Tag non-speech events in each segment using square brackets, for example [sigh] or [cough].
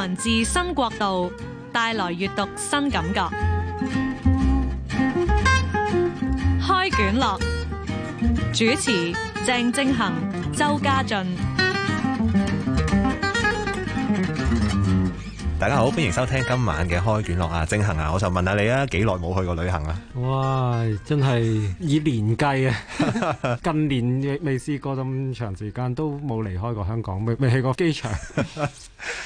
文字新國度帶來閱讀新感覺，開卷樂主持鄭政恆、周家俊。大家好，歡迎收聽今晚嘅開卷樂啊，正恒啊，我想問下你啊，幾耐冇去過旅行啦？哇，真係以年計啊！ [laughs] 近年未試過咁長時間都冇離開過香港，未未去過機場。 [laughs] [laughs]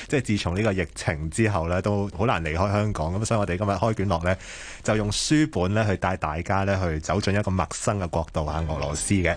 即係自從呢個疫情之後咧，都好難離開香港咁，所以我哋今日開卷樂呢，就用書本咧去帶大家咧去走進一個陌生嘅國度啊，俄羅斯嘅。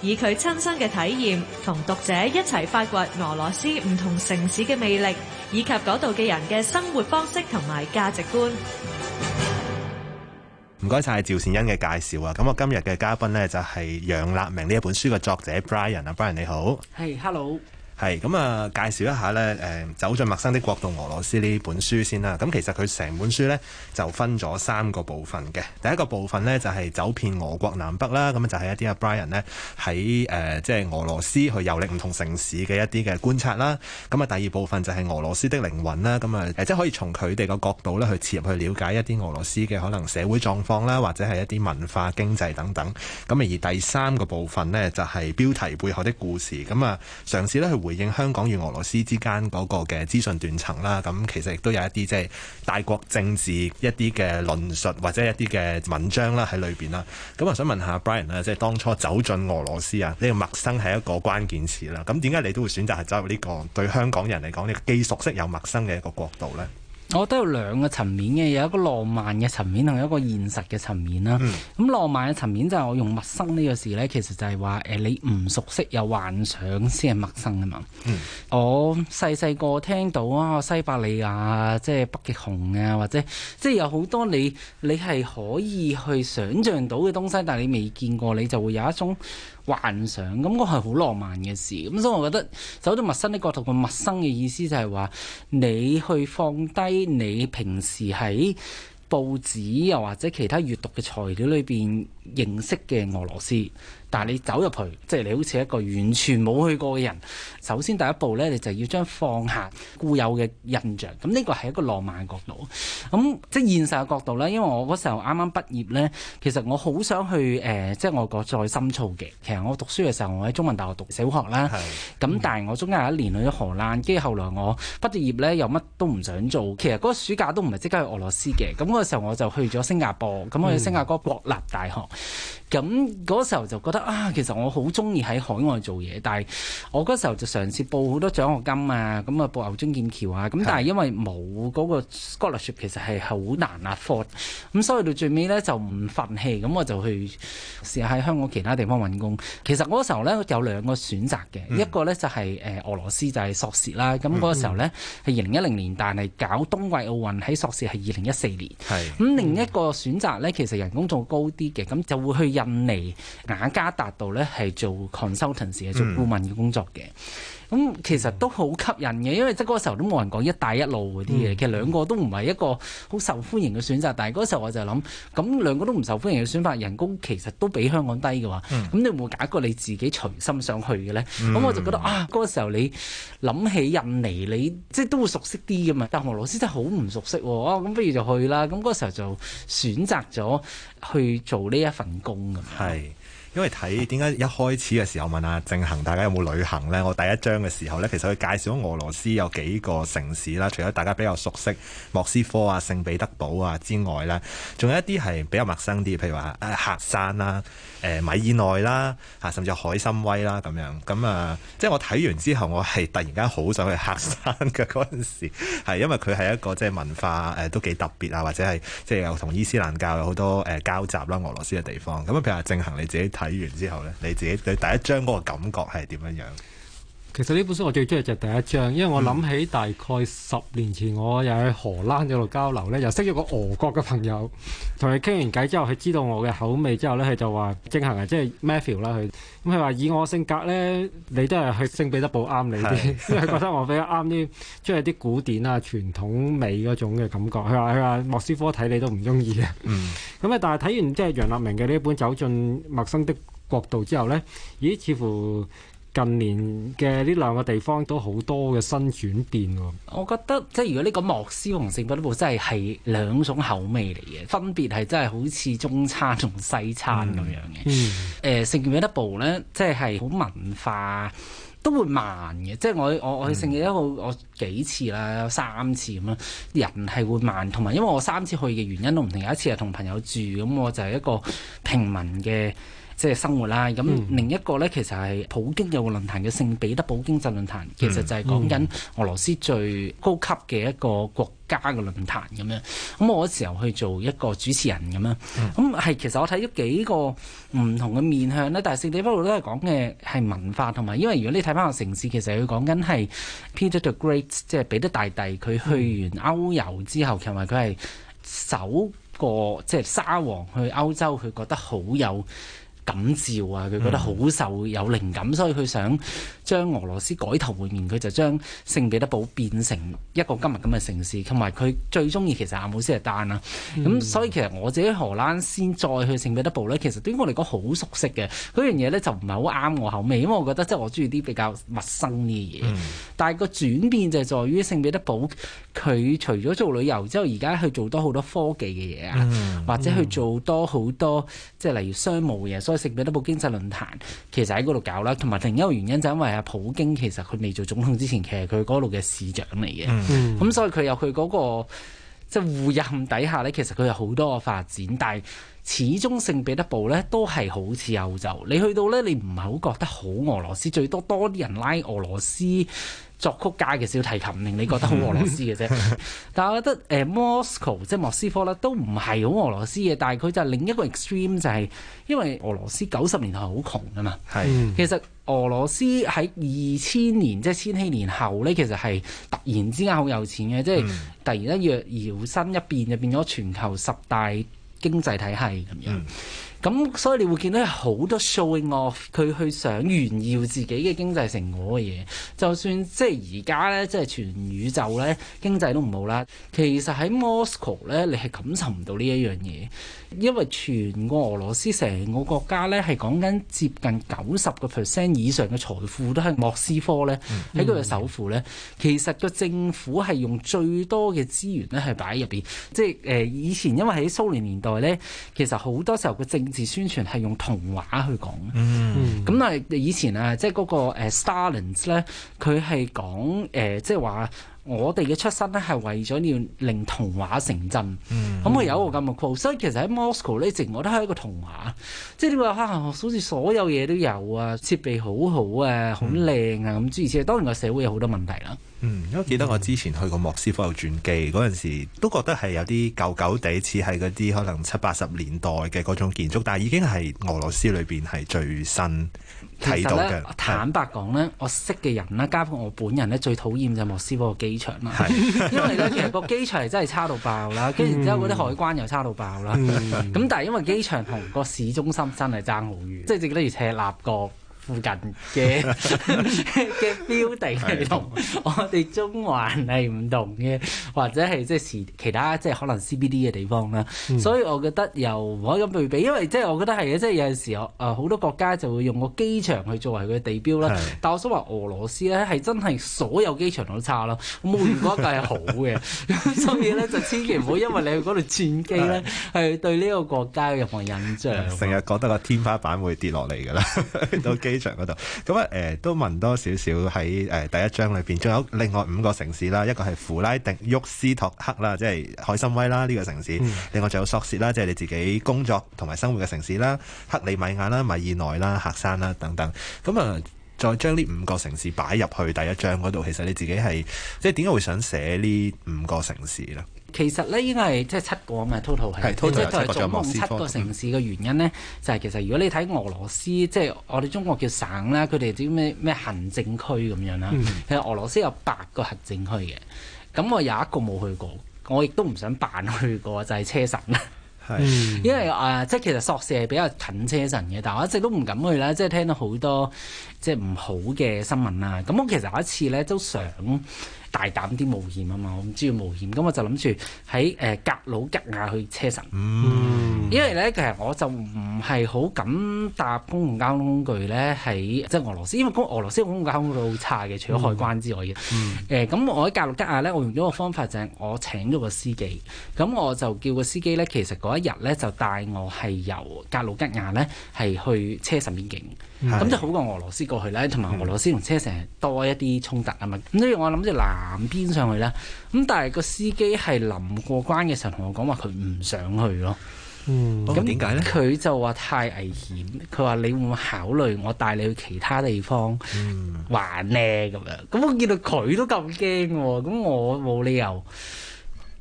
以佢親身嘅體驗，同讀者一齊發掘俄羅斯唔同城市嘅魅力，以及嗰度嘅人嘅生活方式同埋價值觀。唔該晒趙善恩嘅介紹啊！咁我今日嘅嘉賓呢，就係楊立明呢一本書嘅作者 Brian 啊，Brian 你好。係、hey，Hello。係咁啊，介紹一下呢。誒、呃，走進陌生的國度——俄羅斯呢本書先啦。咁、嗯、其實佢成本書呢，就分咗三個部分嘅。第一個部分呢，就係、是、走遍俄國南北啦，咁、嗯、就係、是、一啲阿 Brian 呢，喺誒、呃、即係俄羅斯去遊歷唔同城市嘅一啲嘅觀察啦。咁、嗯、啊第二部分就係俄羅斯的靈魂啦，咁、嗯、啊、嗯、即係可以從佢哋個角度咧去切入去了解一啲俄羅斯嘅可能社會狀況啦，或者係一啲文化經濟等等。咁、嗯、而第三個部分呢，就係、是、標題背後的故事，咁啊嘗試咧去回應香港與俄羅斯之間嗰個嘅資訊斷層啦，咁其實亦都有一啲即係大國政治一啲嘅論述或者一啲嘅文章啦喺裏邊啦。咁我想問，問下 Brian 啦，即係當初走進俄羅斯啊，呢個陌生係一個關鍵詞啦。咁點解你都會選擇係走入呢個對香港人嚟講你既熟悉又陌生嘅一個國度呢？我覺得有兩個層面嘅，有一個浪漫嘅層面同有一個現實嘅層面啦。咁、嗯、浪漫嘅層面就係我用陌生個事呢個詞咧，其實就係話誒，你唔熟悉有幻想先係陌生啊嘛。嗯、我細細個聽到啊，西伯利亞即係北極熊啊，或者即係有好多你你係可以去想象到嘅東西，但係你未見過你就會有一種幻想。咁個係好浪漫嘅事。咁所以，我覺得走到陌生呢個角度，個陌生嘅意思就係話你去放低。你平時喺報紙又或者其他閱讀嘅材料裏邊認識嘅俄羅斯。但係你走入去，即係你好似一個完全冇去過嘅人。首先第一步咧，你就要將放下固有嘅印象。咁呢個係一個浪漫嘅角度。咁，嗯，即係現實嘅角度咧，因為我嗰時候啱啱畢業咧，其實我好想去誒，呃，即係外國再深造嘅。其實我讀書嘅時候，我喺中文大學讀小學讀社會學啦。係。咁但係我中間有一年去咗荷蘭，跟住後來我畢咗業咧，又乜都唔想做。其實嗰個暑假都唔係即刻去俄羅斯嘅。咁嗰個時候我就去咗新加坡，咁我喺新加坡國立大學，咁嗰個時候就覺得。啊，其實我好中意喺海外做嘢，但係我嗰時候，就嘗試報好多獎學金啊，咁啊報牛津劍橋啊，咁但係因為冇嗰個 scholarship 其實係好難 afford，咁所以到最尾咧就唔忿氣，咁我就去試下喺香港其他地方揾工。其實我嗰時候咧有兩個選擇嘅，嗯、一個咧就係、是、誒俄羅斯就係、是、索契啦，咁嗰時候咧係二零一零年，但係搞冬季奧運，喺索契係二零一四年，係咁、嗯、另一個選擇咧其實人工仲高啲嘅，咁就會去印尼雅加達到咧係做 consultants 係做顧問嘅工作嘅，咁、嗯、其實都好吸引嘅，因為即係嗰個時候都冇人講一帶一路嗰啲嘢，嗯、其實兩個都唔係一個好受歡迎嘅選擇，但係嗰個時候我就諗，咁兩個都唔受歡迎嘅選擇，人工其實都比香港低嘅話，咁、嗯、你會唔會揀一個你自己隨心想去嘅咧？咁、嗯、我就覺得啊，嗰、那個時候你諗起印尼你，你即係都會熟悉啲嘅嘛，但係俄羅斯真係好唔熟悉，哦、啊，咁不如就去啦。咁、那、嗰個時候就選擇咗去做呢一份工咁樣。因為睇點解一開始嘅時候問阿正恒，大家有冇旅行呢？我第一章嘅時候呢，其實佢介紹俄羅斯有幾個城市啦，除咗大家比較熟悉莫斯科啊、聖彼得堡啊之外啦，仲有一啲係比較陌生啲，譬如話誒喀山啦、誒米爾內啦，嚇甚至海參崴啦咁樣。咁啊，即係我睇完之後，我係突然間好想去喀山嘅嗰陣時，係因為佢係一個即係文化誒都幾特別啊，或者係即係有同伊斯蘭教有好多誒交集啦，俄羅斯嘅地方。咁啊，譬如話正恒你自己睇。睇完之後咧，你自己對第一張嗰個感覺係點樣樣？其實呢本書我最中意就係第一章，因為我諗起大概十年前我又喺荷蘭嗰度交流咧，又識咗個俄國嘅朋友，同佢傾完偈之後，佢知道我嘅口味之後咧，佢就話：正行啊，即係 Matthew 啦佢，咁佢話以我性格咧，你都係去聖彼得堡啱你啲，是因為覺得我比較啱啲，即係啲古典啊、傳統美嗰種嘅感覺。佢話佢話莫斯科睇你都唔中意嘅，咁啊、嗯，但係睇完即係楊立明嘅呢一本《走進陌生的國度》之後咧，咦，似乎～近年嘅呢兩個地方都好多嘅新轉變喎。我覺得即係如果呢個莫斯科同聖彼得堡真係係兩種口味嚟嘅，分別係真係好似中餐同西餐咁樣嘅。誒、嗯嗯呃，聖彼得堡咧，即係係好文化，都會慢嘅。即係我我我去聖彼得堡我，我幾次啦，三次咁樣，人係會慢，同埋因為我三次去嘅原因都唔同，有一次係同朋友住，咁我就係一個平民嘅。即係生活啦，咁、嗯、另一個呢，其實係普京有個論壇嘅聖彼得堡經濟論壇，其實就係講緊俄羅斯最高級嘅一個國家嘅論壇咁樣。咁我嗰時候去做一個主持人咁樣，咁係、嗯、其實我睇咗幾個唔同嘅面向呢，但係聖彼得堡都係講嘅係文化同埋，因為如果你睇翻個城市，其實佢講緊係 Peter the Great，即係彼得大帝，佢去完歐遊之後，其實佢係首個即係沙皇去歐洲，佢覺得好有感召啊！佢覺得好受有靈感，所以佢想將俄羅斯改頭換面。佢就將聖彼得堡變成一個今日咁嘅城市，同埋佢最中意其實阿姆斯特丹啦。咁、嗯、所以其實我自己荷蘭先再去聖彼得堡咧，其實對於我嚟講好熟悉嘅嗰樣嘢咧，就唔係好啱我口味，因為我覺得即係我中意啲比較陌生啲嘢。嗯、但係個轉變就係在於聖彼得堡，佢除咗做旅遊之後而家去做多好多科技嘅嘢啊，嗯嗯、或者去做多好多即係例如商務嘅嘢，所以。聖彼得堡經濟論壇其實喺嗰度搞啦，同埋另一個原因就因為阿普京其實佢未做總統之前，其實佢嗰度嘅市長嚟嘅，咁、mm hmm. 嗯、所以佢有佢嗰、嗰個即係互任底下呢，其實佢有好多個發展，但係始終聖彼得堡呢都係好似歐洲，你去到呢，你唔係好覺得好俄羅斯，最多多啲人拉俄羅斯。作曲家嘅小提琴，令你覺得好俄羅斯嘅啫。 [laughs] 但係我覺得誒莫斯科即係莫斯科啦，都唔係好俄羅斯嘅。但係佢就係另一個 extreme 就係、是、因為俄羅斯九十年代好窮啊嘛。係的、嗯、其實俄羅斯喺二千年即係千禧年後咧，其實係突然之間好有錢嘅，即係突然一躍搖身一變就變咗全球十大經濟體系咁樣。嗯嗯。咁所以你會見到好多 showing off，佢去想炫耀自己嘅經濟成果嘅嘢。就算即係而家咧，即係全宇宙咧經濟都唔好啦，其實喺 Moscow 咧，你係感受唔到呢一樣嘢，因為全個俄羅斯成個國家咧係講緊接近九十個 percent 以上嘅財富都係莫斯科咧，喺佢嘅首富咧，嗯、其實個政府係用最多嘅資源咧係擺喺入邊，即係誒、呃、以前因為喺蘇聯年、年代咧，其實好多時候個政政治宣傳係用童話去講嘅，咁啊、mm hmm. 以前啊，即係嗰個 Stalin 咧，佢係講誒，即係話我哋嘅出身咧係為咗要令童話成真，咁佢、mm hmm. 嗯、有一個咁嘅口號，所以其實喺 Moscow 咧，直我都係一個童話，即係你話，好似所有嘢都有啊，設備好好啊，好靚啊，咁、mm hmm. 諸如此類，當然個社會有好多問題啦。嗯，我記得我之前去過莫斯科有轉機嗰陣時，都覺得係有啲舊舊地，似係嗰啲可能七八十年代嘅嗰種建築，但係已經係俄羅斯裏邊係最新睇到嘅。是坦白講呢，我識嘅人呢，加埋我本人呢，最討厭就莫斯科個機場啦，是因為呢，其實個機場真係差到爆啦，跟住然後之後嗰啲海關又差到爆啦。咁、嗯嗯、但係因為機場同個市中心真係爭好遠， [laughs] 即係直得如赤鱲角。附近嘅嘅標的係同我哋中環係唔同嘅，或者係即係其他即係可能 CBD 嘅地方啦。所以我覺得又唔可以咁對比，因為即係我覺得係嘅，即係有陣時好多國家就會用個機場去作為佢嘅地標啦。但我想話俄羅斯咧係真係所有機場都差啦，冇唔過一個係好嘅，所以咧就千祈唔好因為你去嗰度轉機咧，係對呢個國家嘅任何有印象、 [laughs] 嗯。成日覺得個天花板會跌落嚟㗎啦，場度，咁啊，誒、呃，都問多少少喺誒第一章裏邊，仲有另外五個城市啦，一個係符拉迪沃斯托克啦，即係海參崴啦呢、這個城市，嗯、另外仲有索契啦，即係你自己工作同埋生活嘅城市啦，克里米亞啦、米爾內啦、喀山啦等等。咁啊、呃，再將呢五個城市擺入去第一章嗰度，其實你自己係即係點解會想寫呢五個城市咧？其實咧應該係即係七個啊嘛，total 係即總共七個城市嘅原因咧，嗯、就係其實如果你睇俄羅斯，即、就、係、是、我哋中國叫省咧，佢哋啲咩咩行政區咁樣啦。嗯、其實俄羅斯有八個行政區嘅，咁我有一個冇去過，我亦都唔想扮去過，就係、是、車臣。係 [laughs] 是，嗯、因為誒、呃，即係其實索契係比較近車臣嘅，但係我一直都唔敢去啦，即係聽到好多即係唔好嘅新聞啦。咁我其實有一次咧都想，想。大膽啲冒險啊嘛，我唔知要冒險，咁我就諗住喺誒格魯吉亞去車臣，嗯、因為咧其實我就唔係好敢搭公共交通工具咧喺即係俄羅斯，因為俄羅斯公共交通工具好差嘅，除咗海關之外嘅。誒咁、嗯嗯呃、我喺格魯吉亞咧，我用咗個方法就係我請咗個司機，咁我就叫個司機咧，其實嗰一日咧就帶我係由格魯吉亞咧係去車臣邊境。咁、嗯、就好過俄羅斯過去啦，同埋俄羅斯同車臣多一啲衝突啊嘛。咁所以我諗住南邊上去啦。咁但係個司機係臨過關嘅時候同我講話，佢唔想去咯。嗯，咁點解咧？佢就話太危險。佢話、嗯、你會唔會考慮我帶你去其他地方玩咧？咁樣咁我見到佢都咁驚喎，咁我冇理由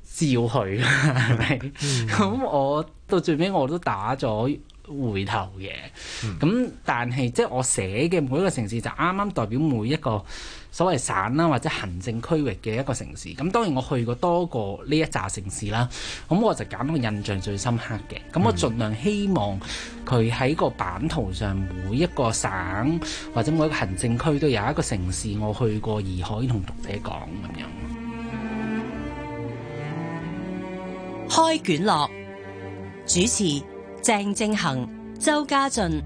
照去啊？係咪、 [laughs] 嗯？咁 [laughs] 我到最尾我都打咗。回頭嘅，咁、嗯、但係即係我寫嘅每一個城市就啱啱代表每一個所謂省啦，啊、或者行政區域嘅一個城市。咁當然我去過多過呢一紮城市啦，咁我就揀個印象最深刻嘅。咁我儘量希望佢喺個版圖上每一個省或者每一個行政區都有一個城市我去過，而可以同讀者講咁樣。開卷樂主持。鄭正恒、周家俊。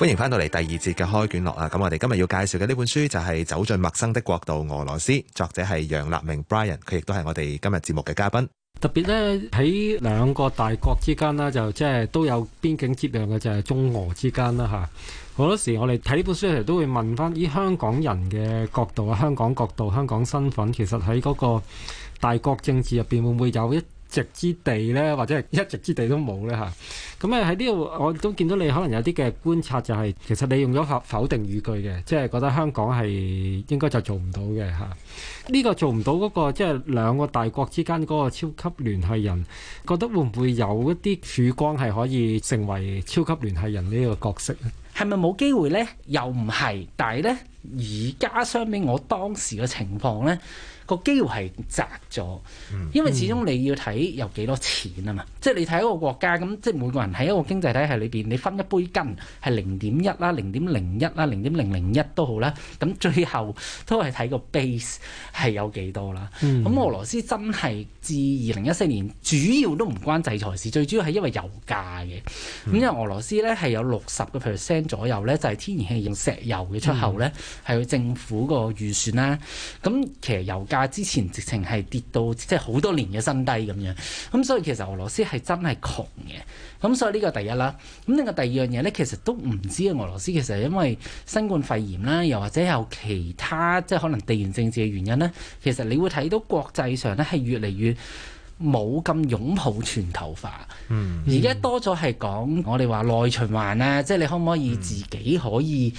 歡迎翻到嚟第二節嘅開卷樂啊！咁我哋今日要介紹嘅呢本書就係《走進陌生的國度俄羅斯》，作者係楊立明 Brian，佢亦都係我哋今日節目嘅嘉賓。特別呢，喺兩個大國之間啦，就即係都有邊境接壤嘅就係中俄之間啦吓。好多時我哋睇呢本書其實都會問翻，以香港人嘅角度啊，香港角度、香港身份，其實喺嗰個大國政治入邊會唔會有一籍之地咧，或者係一席之地都冇咧嚇。咁啊喺呢度我都見到你可能有啲嘅觀察，就係其實你用咗否否定語句嘅，即係覺得香港係應該就做唔到嘅嚇。呢個做唔到嗰個，即係兩個大國之間嗰個超級聯繫人，覺得會唔會有一啲曙光係可以成為超級聯繫人呢個角色咧？係咪冇機會咧？又唔係，但係咧，而家相比我當時嘅情況咧。個機會係窄咗，因為始終你要睇有幾多錢啊嘛，嗯、即係你睇一個國家咁，即係每個人喺一個經濟體系裏邊，你分一杯羹係零點一啦、零點零一啦、零點零零一都好啦，咁最後都係睇個 base 係有幾多啦。咁、嗯、俄羅斯真係至二零一四年主要都唔關制裁事，最主要係因為油價嘅。咁、嗯、因為俄羅斯咧係有六十個 percent 左右咧，就係天然氣用石油嘅出口咧係佢政府個預算啦。咁其實油價之前直情係跌到即係好多年嘅新低咁樣，咁所以其實俄羅斯係真係窮嘅，咁所以呢個第一啦。咁另外第二樣嘢咧，其實都唔知啊。俄羅斯其實因為新冠肺炎啦，又或者有其他即係可能地緣政治嘅原因咧，其實你會睇到國際上咧係越嚟越冇咁擁抱全球化。嗯。而家多咗係講我哋話內循環啊，嗯、即係你可唔可以自己可以？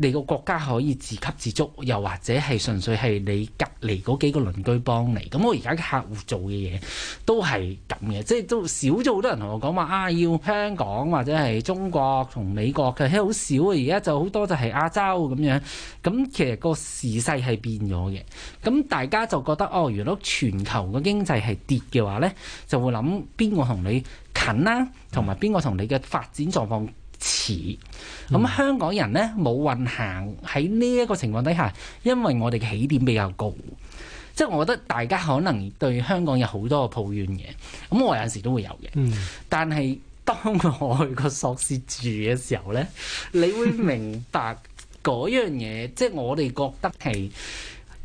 你個國家可以自給自足，又或者係純粹係你隔離嗰幾個鄰居幫你。咁我而家嘅客戶做嘅嘢都係咁嘅，即係都少咗好多人同我講話啊，要香港或者係中國同美國嘅，好少啊。而家就好多就係亞洲咁樣。咁其實個時勢係變咗嘅。咁大家就覺得哦，如果全球嘅經濟係跌嘅話咧，就會諗邊個同你近啦，啊，同埋邊個同你嘅發展狀況。似咁、嗯、香港人呢冇運行喺呢一個情況底下，因為我哋起點比較高，即係我覺得大家可能對香港有好多嘅抱怨嘅，咁我有陣時都會有嘅。嗯、但係當我去個索契住嘅時候呢，你會明白嗰 [laughs] 樣嘢，即係我哋覺得係。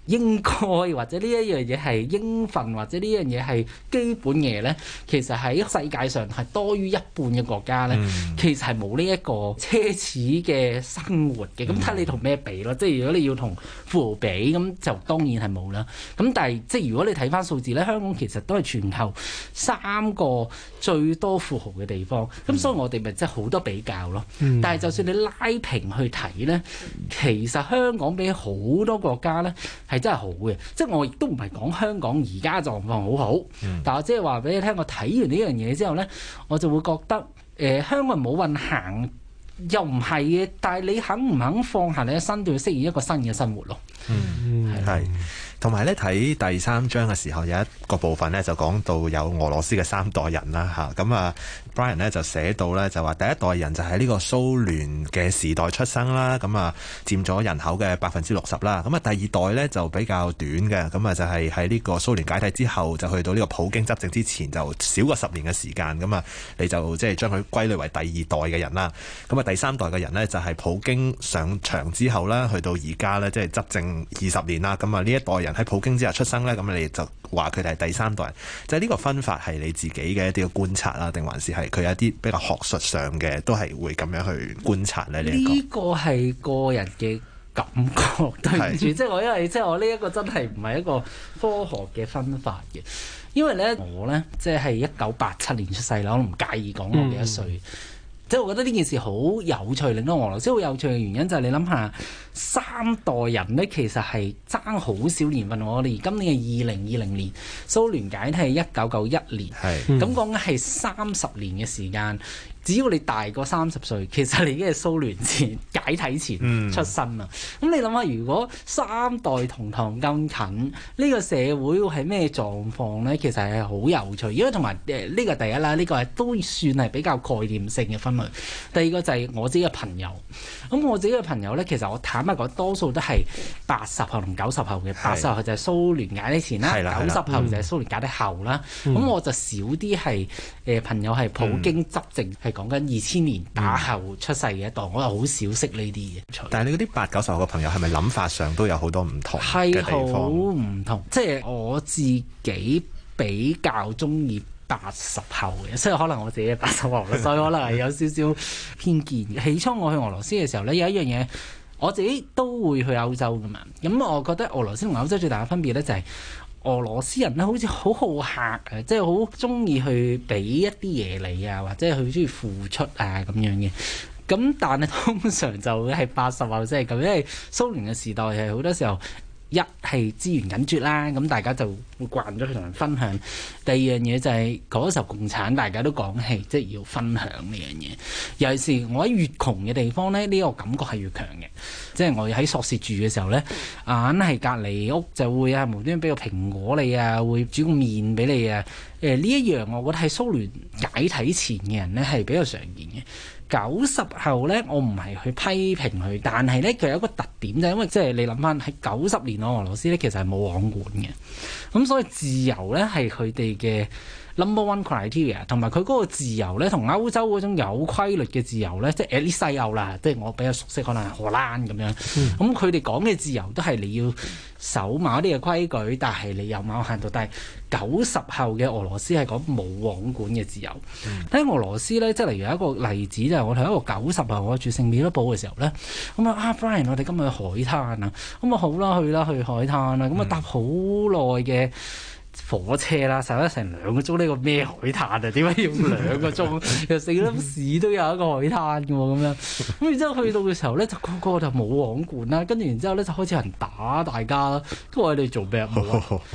應該或者呢一樣嘢係應份，或者呢樣嘢係基本嘢咧，其實喺世界上係多於一半嘅國家咧，mm hmm. 其實係冇呢一個奢侈嘅生活嘅。咁睇、mm hmm. 你同咩比咯？即係如果你要同富豪比，咁就當然係冇啦。咁但係即係如果你睇翻數字咧，香港其實都係全球三個最多富豪嘅地方。咁、mm hmm. 所以我哋咪即係好多比較咯。Mm hmm. 但係就算你拉平去睇咧，其實香港比起好多國家咧。係真係好嘅，即係我亦都唔係講香港而家狀況好好，嗯、但係即係話俾你聽，我睇完呢樣嘢之後咧，我就會覺得誒、呃、香港冇運行又唔係嘅，但係你肯唔肯放下你嘅身段，適應一個新嘅生活咯？嗯，係的。同埋咧，睇第三章嘅時候有一個部分咧，就講到有俄羅斯嘅三代人啦吓，咁啊，啊，Brian 呢就寫到咧，就話第一代人就喺呢個蘇聯嘅時代出生啦。咁啊，佔咗人口嘅百分之六十啦。咁啊，第二代咧就比較短嘅，咁啊就係喺呢個蘇聯解體之後，就去到呢個普京執政之前，就少過十年嘅時間。咁啊，你就即係將佢歸類為第二代嘅人啦。咁啊，啊，第三代嘅人呢，就係普京上場之後啦，去到而家呢，即係執政二十年啦。咁啊，呢一代人。喺普京之下出生咧，咁你就話佢哋係第三代人，就呢個分法係你自己嘅一啲觀察啦，定還是係佢有一啲比較學術上嘅，都係會咁樣去觀察咧呢一個。呢個係個人嘅感覺。 [laughs] 對唔住， [laughs] 即係我因為即係我呢一個真係唔係一個科學嘅分法嘅，因為咧我咧即係一九八七年出世啦，我唔介意講我幾多歲。嗯即係我覺得呢件事好有趣，令到俄羅斯好有趣嘅原因就係你諗下，三代人咧其實係爭好少年份。我哋而今年係二零二零年，蘇聯解體係一九九一年，係咁講係三十年嘅時間。只要你大過三十歲，其實你已經係蘇聯前解體前出身啊！咁、嗯、你諗下，如果三代同堂咁近，呢、呢個社會係咩狀況咧？其實係好有趣，因為同埋誒呢個第一啦，呢、呢個係都算係比較概念性嘅分類。第二個就係我自己嘅朋友，咁我自己嘅朋友咧，其實我坦白講，多數都係八十後同九十後嘅，八十後就係蘇聯解體前啦，九十是的 後就係蘇聯解體後啦。咁我就少啲係誒朋友係普京執政係、嗯。講緊二千年打後出世嘅一代，我又好少識呢啲嘅。但係你嗰啲八九十後嘅朋友係咪諗法上都有好多唔同嘅？係好唔同，即係我自己比較中意八十後嘅，所以可能我自己八十後，所以可能係有少少偏見。 [laughs] 起初我去俄羅斯嘅時候呢，有一樣嘢我自己都會去歐洲㗎嘛，咁我覺得俄羅斯同歐洲最大嘅分別呢，就係。俄羅斯人咧好似好好客啊，即係好鍾意去俾一啲嘢你啊，或者係佢鍾意付出啊咁樣嘅。咁但係通常就係八十話即係咁，因為蘇聯嘅時代係好多時候。一係資源緊絀啦，咁大家就會慣咗去同人分享。第二樣嘢就係、是、嗰時候共產，大家都講係即係要分享呢樣嘢。尤其係我喺越窮嘅地方咧，呢、這個感覺係越強嘅。即係我喺索契住嘅時候咧，硬係隔離屋就會啊無端端俾個蘋果你啊，會煮個麵俾你啊。誒呢一樣我覺得係蘇聯解體前嘅人咧係比較常見嘅。九十後咧，我唔係去批評佢，但係咧佢有一個特點就係因為即係你諗返喺九十年代俄羅斯咧，其實係冇王管嘅，咁所以自由咧係佢哋嘅。Number one criteria 同埋佢嗰個自由咧，同歐洲嗰種有規律嘅自由咧，即係西歐啦，即係我比較熟悉，可能荷蘭咁樣。咁佢哋講嘅自由都係你要守某啲嘅規矩，但係你有某限度。但係九十後嘅俄羅斯係講冇王管嘅自由。喺、嗯、俄羅斯咧，即係例如有一個例子就係我喺一個九十後，我住聖彼得堡嘅時候咧，咁啊啊 Brian，我哋今日去海灘啊，咁啊好啦，去啦去，去海灘啦，咁啊搭好耐嘅。嗯火車啦，使咗成兩個鐘，呢個咩海灘啊？點解要兩個鐘？ [laughs] 又死粒屎都有一個海灘嘅喎，咁樣。咁然之後去到嘅時候咧，就個個就冇王管啦。跟住然之後咧，就開始有人打大家啦。都話我哋做咩？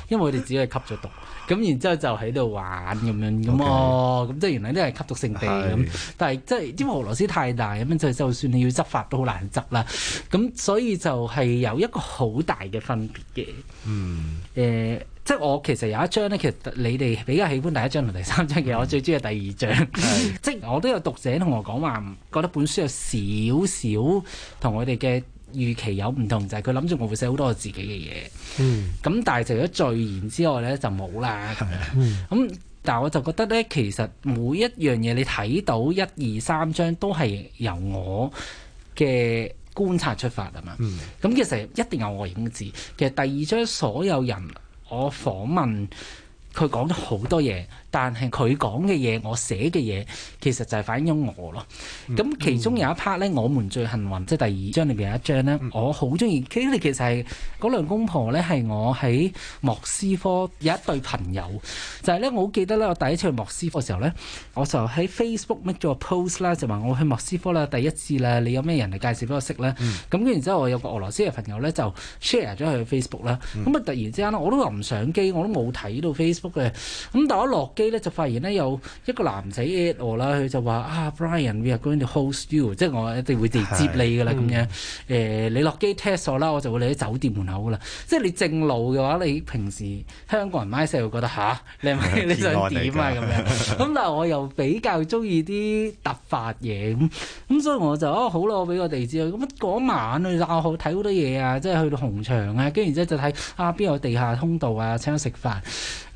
因為我哋只係吸咗毒。咁然之後就喺度玩咁樣咁咁即係原來啲係吸毒聖地咁 [laughs] 是。但係即係因為俄羅斯太大，咁就就算你要執法都好難執啦。咁所以就係有一個好大嘅分別嘅。嗯。 [noise] 誒、呃，即係我其實有一章咧，其實你哋比較喜歡第一章同第三章嘅，其實我最中意第二章。的 [laughs] 即係我都有讀者同我講話，覺得本書有少少同我哋嘅預期有唔同，就係佢諗住我會寫好多我自己嘅嘢。嗯，咁但係除咗序言之外咧，就冇啦。係啊的，咁、嗯、但係我就覺得咧，其實每一樣嘢你睇到一二三章都係由我嘅。觀察出發啊嘛，咁、嗯、其實一定有外影嘅字。其實第二章所有人，我訪問佢講咗好多嘢。但係佢講嘅嘢，我寫嘅嘢，其實就係反映咗我咯。咁、嗯嗯、其中有一 part 咧，我們最幸運，即、就、係、是、第二章裏邊有一章咧，嗯、我好中意。佢哋其實係嗰兩公婆咧，係我喺莫斯科有一對朋友。就係、是、咧，我好記得咧，我第一次去莫斯科嘅時候咧，我就喺 Facebook make 咗個 post 啦，就話我去莫斯科啦，第一次啦，你有咩人嚟介紹俾我識咧？咁跟住之後，我有個俄羅斯嘅朋友咧，就 share 咗佢 Facebook 啦。咁啊、嗯，然突然之間我都話唔上機，我都冇睇到 Facebook 嘅。咁但一落機咧就發現咧有一個男仔 at 我啦，佢就話啊、ah, Brian，we are going to host you，即係我一定會地接你㗎啦咁樣。誒是、嗯呃，你落機 test 我啦，我就會嚟啲酒店門口㗎啦。即係你正路嘅話，你平時香港人 mindset 會覺得嚇、啊，你，係係你想點啊咁樣？咁 [laughs] 但係我又比較中意啲突發嘢咁，咁 [laughs] 所以我就、啊、好啦我俾個地址咁，嗰晚啊，好睇好多嘢啊，即係去到紅場啊，跟住然之後就睇啊邊有地下通道啊，請我食飯。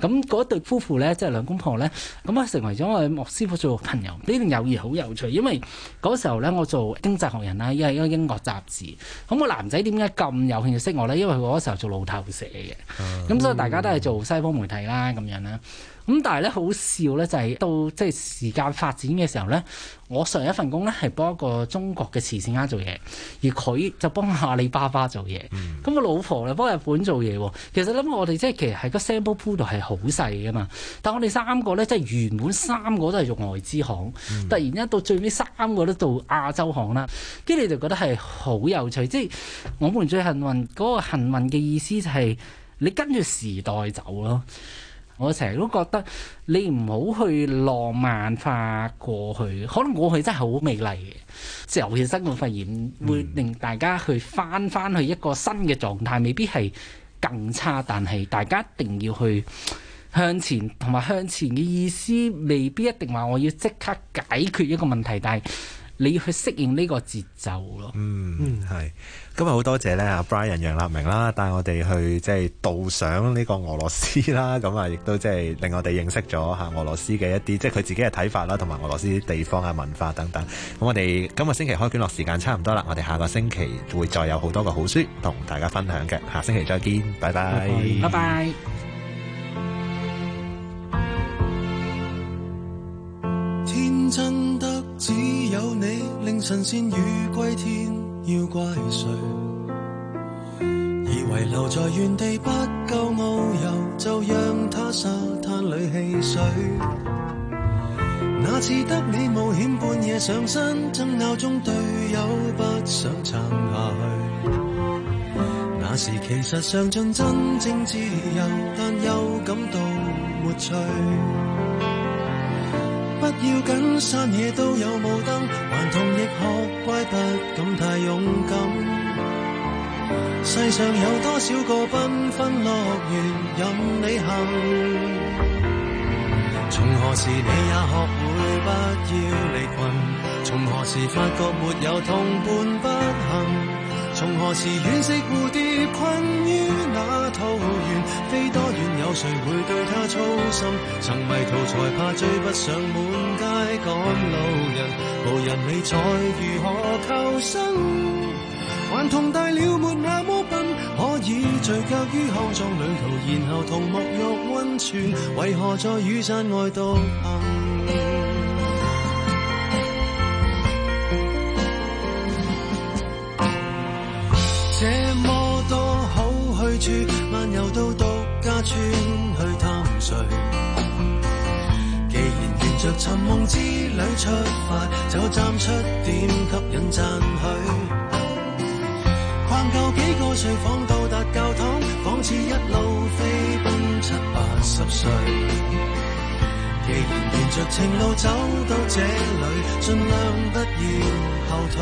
咁嗰對夫婦咧，即係兩公婆咧，咁、嗯、啊成為咗我莫師傅做朋友，呢段友誼好有趣。因為嗰時候咧，我做經濟學人啦，又係一個英國雜誌。咁、嗯、個男仔點解咁有興趣識我咧？因為佢嗰時候做路透社嘅，咁、嗯、所以大家都係做西方媒體啦，咁樣啦。咁但係咧，好笑咧就係到即係時間發展嘅時候咧，我上一份工咧係幫一個中國嘅慈善家做嘢，而佢就幫阿里巴巴做嘢。咁、嗯、我老婆就幫日本做嘢。其實諗我哋即係其實係個 sample pool 度係好細噶嘛，但我哋三個咧，即係原本三個都係用外資行，嗯、突然間到最尾三個都做亞洲行啦。跟住你就覺得係好有趣，即係我們最幸運嗰、那個幸運嘅意思就係你跟住時代走咯。我成日都覺得你唔好去浪漫化過去，可能過去真係好美麗嘅時候，其實我發現會令大家去返返去一個新嘅狀態，未必係更差，但係大家一定要去向前，同埋向前嘅意思，未必一定話我要即刻解決一個問題，但係。你要去適應呢個節奏咯。嗯，嗯，係。今日好多謝咧，阿 Brian 楊立明啦，帶我哋去即係導賞呢個俄羅斯啦。咁啊，亦都即係令我哋認識咗吓俄羅斯嘅一啲，即係佢自己嘅睇法啦，同埋俄羅斯地方啊、文化等等。咁我哋今個星期開卷樂時間差唔多啦，我哋下個星期會再有好多個好書同大家分享嘅。下星期再見，拜拜，拜拜。神仙魚歸天要怪誰？以為留在原地不夠遨遊，就讓它沙灘裏戲水。那次得你冒險半夜上山，爭拗中隊友不想撐下去。那時其實嚐盡真正自由，但又感到沒趣。要緊，山野都有霧燈，頑童亦學乖，不敢太勇敢。世上有多少個繽紛樂園任你行？從何時你也學會不要離群？從何時發覺沒有同伴不幸？從何時惋惜蝴蝶困於那？有誰會對他操心？曾迷途才怕追不上，滿街趕路人，無人理睬如何求生？頑童大了沒那麼笨，可以聚腳於康莊旅途，然後同沐浴温泉，為何在雨傘外獨行？尋夢之旅出發，就站出點吸引讚許。逛夠幾個睡房到達教堂，仿似一路飛奔七八十歲。既然沿着情路走到這裏，盡量不要後退。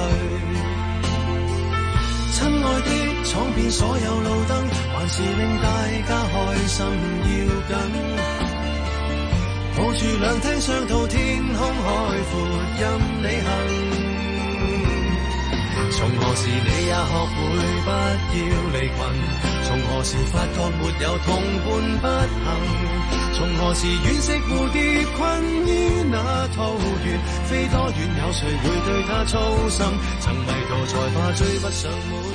親愛的，闖遍所有路燈，還是令大家開心要緊。抱住兩廳雙套，天空海闊任你行。從何時你也學會不要離群，從何時發覺沒有同伴不行？從何時惋惜蝴蝶困於那桃源，飛多遠有誰會對它操心？曾迷途才怕追不上。